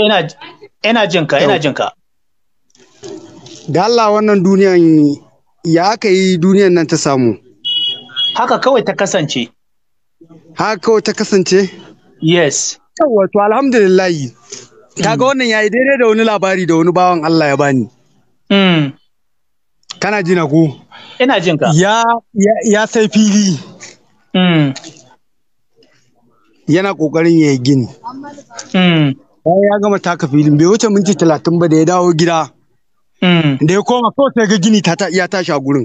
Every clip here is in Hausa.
Ina jin jinka, ina jinka. Da Allah wannan duniyan ya aka yi duniyan nan ta samu? Haka kawai ta kasance. Haka kawai ta kasance? Yes. Wato alhamdulillahi. Kaga mm. wannan ya yi daidai da wani labari da wani bawan Allah ya bani. Mm. Kana jina ko? Ina jinka. Ya ya sai fili. Mm. yana ƙoƙarin ya yi gini. bayan ya gama taka filin bai wuce minti talatin ba da ya dawo gida hmm. da ya koma so sai ga gini ta iya tashi a gurin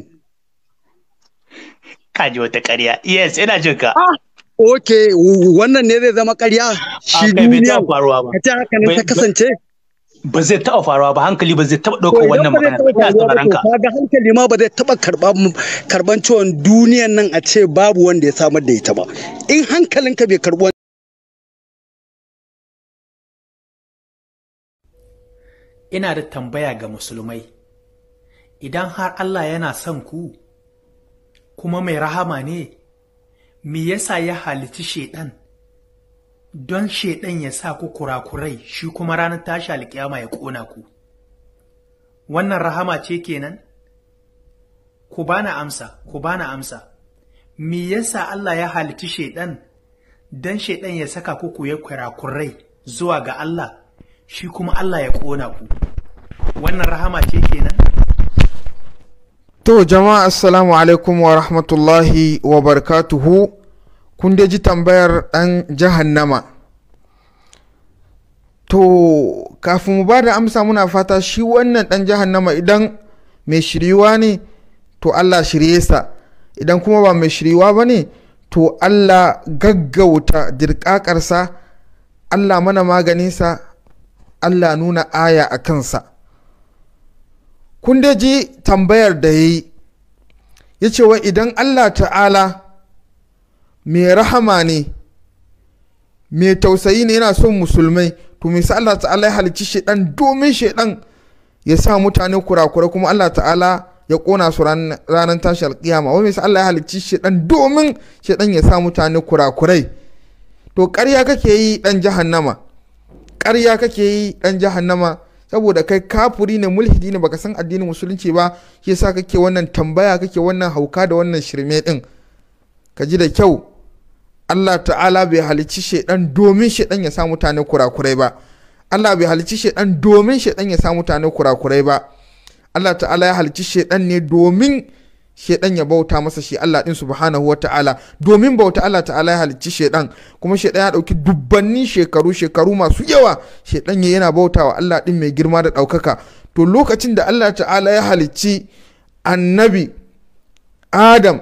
ka ji wata ƙarya yes ina jin ka ah, ok wannan ne zai zama ƙarya shi duniya ka ce haka ne ta kasance ba zai taɓa faruwa ba hankali ba zai taɓa ɗaukar wannan magana ina ga hankali ma ba zai taɓa karɓan ciwon duniyan nan a ce babu wanda ya samar da ita ba in hankalinka bai karɓi ina da tambaya ga musulmai idan har Allah yana son ku kuma mai rahama ne me yasa ya halici shaiɗan don shaiɗan ya sa ku kurakurai shi kuma ranar tashi alƙiyama ya ƙona ku wannan rahama ce kenan ku bana amsa ku bana amsa me yasa Allah ya halici shaiɗan don shaiɗan ya saka ku ku ya kurakurai zuwa ga Allah shi kuma Allah ya ƙona ku wannan rahama ce kenan to jama'a assalamu alaikum wa rahmatullahi wa barkatuhu kun ji tambayar dan jahannama to kafin mu ba da amsa muna fata shi wannan dan jahannama idan mai shiriwa ne to allah shirye sa idan kuma ba mai shiriwa ba ne to allah gaggauta dirkakarsa allah mana maganinsa allah nuna aya a kansa kun dai ji tambayar da ya yi ya ce wa idan allah ta'ala mai rahama ne mai tausayi ne yana son musulmai to me sa allah ta'ala ya halicci shaidan domin shaidan ya sa mutane kurakura kuma allah ta'ala ya kona su ranar tashi alkiyama wani sa allah ya halicci shaidan domin shaidan ya sa mutane kurakurai to karya kake yi dan jahannama karya kake yi dan jahannama saboda kai kafuri ne mulhidi ne baka san addinin musulunci ba shi yasa kake wannan tambaya kake wannan hauka da wannan shirme din ka ji da kyau Allah ta'ala bai halicci shaidan domin shaidan ya sa mutane kurakurai ba Allah bai halicci shaidan domin shaidan ya sa mutane kurakurai ba Allah ta'ala ya halicci shaidan ne domin shedan ya bauta masa shi Allah din subhanahu wa ta'ala domin bauta Allah ta'ala ya halicci shedan kuma shedan ya dauki dubbanni shekaru shekaru masu yawa shedan ya yana bauta wa Allah din mai girma da daukaka to lokacin da Allah ta'ala ya halicci annabi Adam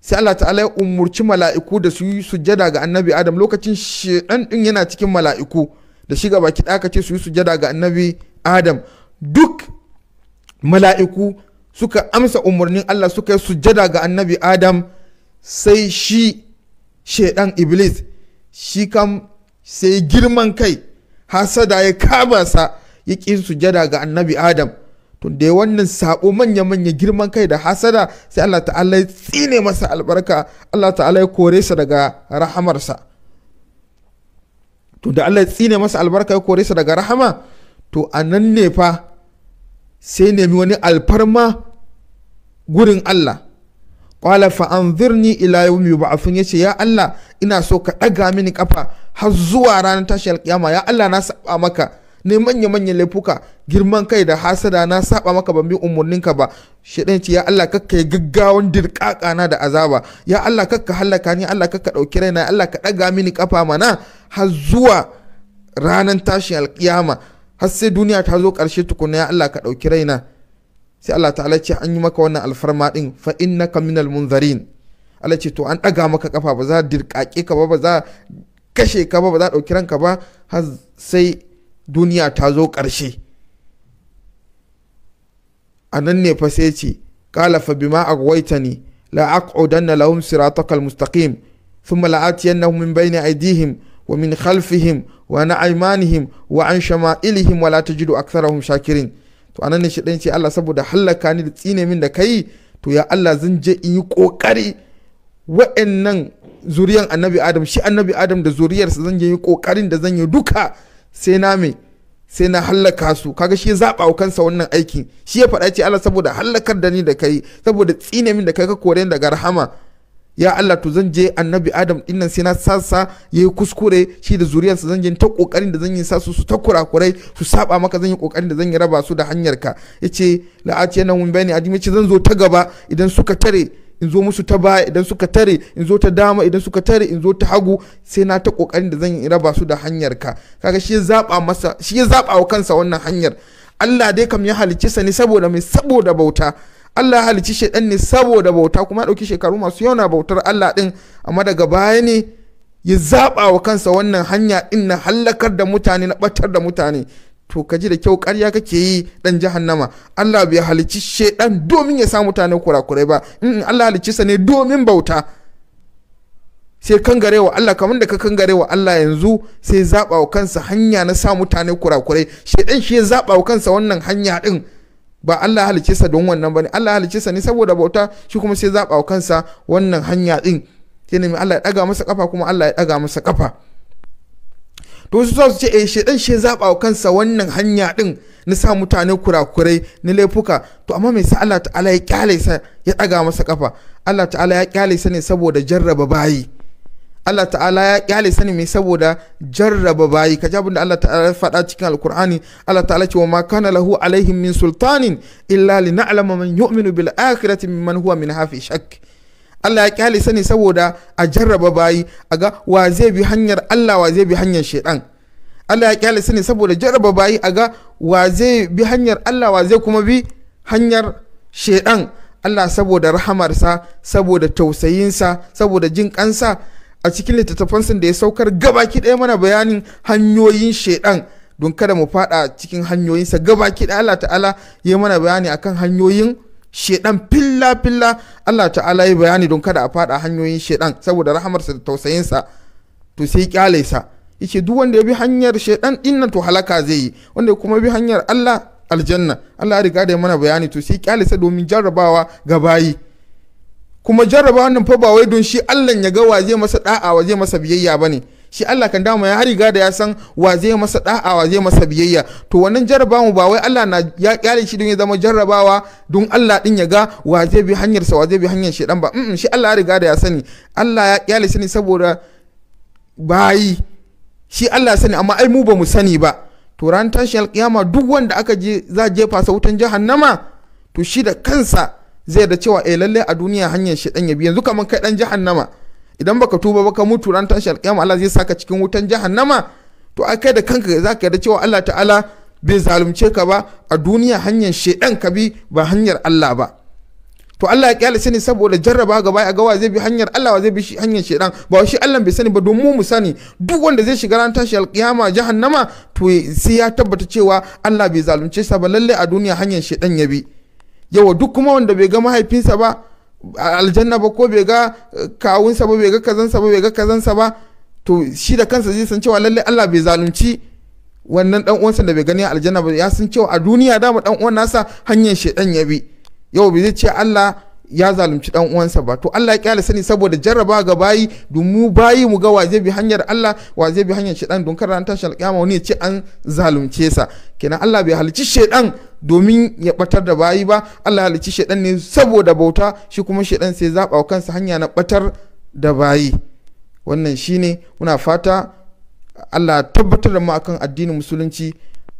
sai Allah ta'ala ya umurci mala'iku da su yi sujjada ga annabi Adam lokacin shedan din yana cikin mala'iku da shiga baki ɗaka ce su yi sujada ga annabi adam duk mala'iku suka amsa umarnin Allah suka yi sujjada ga annabi Adam sai shi shaidan Iblis shi kam sai girman kai hasada ya kama sa ya ƙi sujjada ga annabi Adam tun da wannan sabo manya-manya girman kai da hasada sai Allah ta'ala ya tsine masa albarka Allah ta'ala ya kore sa daga rahamarsa to da Allah ya tsine masa albarka ya kore sa daga rahama to a nan ne fa sai nemi wani alfarma gurin Allah qala fa anzirni ila yawmi yub'athun yace ya Allah ina so ka ɗaga mini kafa har zuwa ranar tashi alƙiyama ya Allah na saba maka ne manya manya laifuka girman kai da hasada na saba maka ban bi umarninka ba shedan ce ya Allah kakka yi gaggawan dirƙaƙa na da azaba ya Allah kakka hallaka ni Allah kakka ɗauki raina Allah ka ɗaga mini kafa mana har zuwa ranar tashin alƙiyama. har sai duniya ta zo ƙarshe tukuna ya Allah ka ɗauki raina sai Allah ta'ala ce an yi maka wannan alfarma ɗin fa innaka minal munzarin Allah ce to an ɗaga maka kafa ba za dirƙaƙe ka ba ba za kashe ka ba ba za ɗauki ranka ba har sai duniya ta zo ƙarshe a nan ne fa sai ce kala fa bima agwaitani la aqudanna lahum siratakal mustaqim thumma la'atiyannahum min bayni aydihim wa min khalfihim wa na aimanihim wa an shama'ilihim wa la tajidu aktharahum shakirin to anan ne shi dan ce Allah saboda hallaka ni da tsine min da kai to ya Allah zan je in yi kokari wa'annan zuriyan annabi adam shi annabi adam da zuriyarsa zan je yi kokarin da zan yi duka sai na me sai na hallaka su kaga shi ya zaba wa kansa wannan aikin shi ya faɗa ce Allah saboda hallakar da ni da kai saboda tsine min da kai ka kore daga rahama ya Allah to zan je annabi Adam dinnan sai na sasa yayi kuskure shi da zuriyarsa zan je ta kokarin da zan yi sasu su ta kurakurai su saba maka zan yi kokarin da zan yi raba su da hanyar ka yace ace nan mun bani ajimi ce zan zo ta gaba idan suka tare in zo musu ta baya idan suka tare in zo ta dama idan suka tare in zo ta hagu sai na ta kokarin da zan yi raba su da hanyar ka kaga shi ya zaba masa shi ya zaba wa kansa wannan hanyar Allah dai kam ya halicce sa ne saboda mai saboda bauta Allah ya halicci shaidan ne saboda bauta kuma ya dauki shekaru masu yawa na bautar Allah din amma daga baya ne ya zaba wa kansa wannan hanya din na hallakar da mutane na batar da mutane to ka ji da kyau ƙarya kake yi dan jahannama Allah bai halicci shaidan domin ya sa mutane kurakurai ba in Allah halicci sa ne domin bauta sai kangare wa Allah kamar da ka kangare wa Allah yanzu sai zaba wa kansa hanya na sa mutane kurakurai shaidan shi ya zaba wa kansa wannan hanya din. ba Allah halice sa don wannan bane Allah halice sa ne saboda bauta shi kuma sai zaba wa kansa wannan hanya din sai ne Allah ya daga masa kafa kuma Allah ya daga masa kafa to su su ce eh shedan shi zaba wa kansa wannan hanya din na sa mutane kurakurai na laifuka to amma mai sa Allah ta'ala ya kyale sa ya daga masa kafa Allah ta'ala ya kyale sa ne saboda jarraba bayi Allah ta'ala ya kyale sani mai saboda jarraba bayi ka jabin da Allah ta'ala ya faɗa cikin alkur'ani Allah ta'ala ce wa ma kana lahu alaihim min sultanin illa li na'lama man yu'minu bil akhirati mimman huwa min hafi shakk Allah ya kyale sani saboda a jarraba bayi a ga wa zai bi hanyar Allah wa zai bi hanyar shaidan Allah ya kyale sani saboda jarraba bayi a ga wa zai bi hanyar Allah wa zai kuma bi hanyar shaidan Allah saboda rahamarsa saboda tausayinsa saboda jin kansa a cikin littattafansa da ya saukar gabaki ɗaya mana bayanin hanyoyin shaidan don kada mu fada cikin hanyoyinsa gabaki ɗaya Allah ta'ala ya mana bayani akan hanyoyin shaidan filla filla Allah ta'ala ya bayani don kada a fada hanyoyin shaidan saboda rahamarsa da tausayinsa to sai kyale sa yace duk wanda ya bi hanyar shaidan din to halaka zai yi wanda kuma bi hanyar Allah aljanna Allah ya riga da mana bayani to sai kyale domin jarrabawa ga bayi kuma jarraba wannan fa ba wai don shi Allah ya ga wa zai masa da'a wa zai masa biyayya bane shi Allah kan dama ya riga da ya san wa zai masa da'a wa zai masa biyayya to wannan jarrabawa ba wai Allah na ya kyale shi don ya zama jarrabawa don Allah din ya ga wa zai bi hanyar sa wa zai bi hanyar shi dan ba mm shi Allah ya riga da ya sani Allah ya kyale shi ne saboda bayi shi Allah ya sani amma ai mu ba mu sani ba to ran tashin alkiyama duk wanda aka je za jefa sa wutan jahannama to shi da kansa zai da cewa eh lalle a duniya hanyar shedan ya bi yanzu kaman kai dan jahannama idan baka tuba baka mutu ran tan alƙiyama Allah zai saka cikin wutan jahannama to ai kai da kanka zaka da cewa Allah ta'ala bai zalunce ka ba a duniya hanyar shedan ka bi ba hanyar Allah ba to Allah ya kyale sani saboda jarraba gaba a gawa zai bi hanyar Allah wa zai bi hanyar shedan ba shi Allah bai sani ba don mu mu sani duk wanda zai shiga ran tan alkiyama jahannama to sai ya tabbata cewa Allah bai zalunce sa ba lalle a duniya hanyar shedan ya bi yawa duk kuma wanda bai ga mahaifinsa ba aljanna ba ko bai ga eh, kawunsa ba bai ga kazansa ba bai ga kazansa ba to shi da kansa zai san cewa lalle Allah bai zalunci wannan dan uwansa da bai gani a aljanna ba ya san cewa a duniya dama dan uwan nasa hanyar shedan ya bi yau bai zai ce Allah ya zalunci dan uwansa ba to Allah ya kyale sani saboda jarraba ga bayi don mu bayi mu ga waje bi hanyar Allah waje bi hanyar shedan don kar ran tashal kiyama wani ya ce an zalunce sa kenan Allah bai halici shedan domin ya batar da bayi ba Allah ya halici shedan ne saboda bauta shi kuma shedan sai zaba wa kansa hanya na batar da bayi wannan shine muna fata Allah tabbatar da mu akan addinin musulunci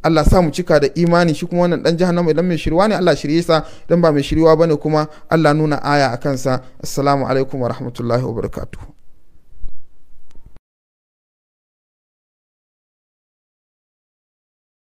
Allah sa mu cika da imani shi kuma wannan dan jahannama idan mai shirwa ne Allah shirye sa idan ba mai shirwa bane kuma Allah nuna aya a kansa assalamu alaikum wa rahmatullahi wa barakatuh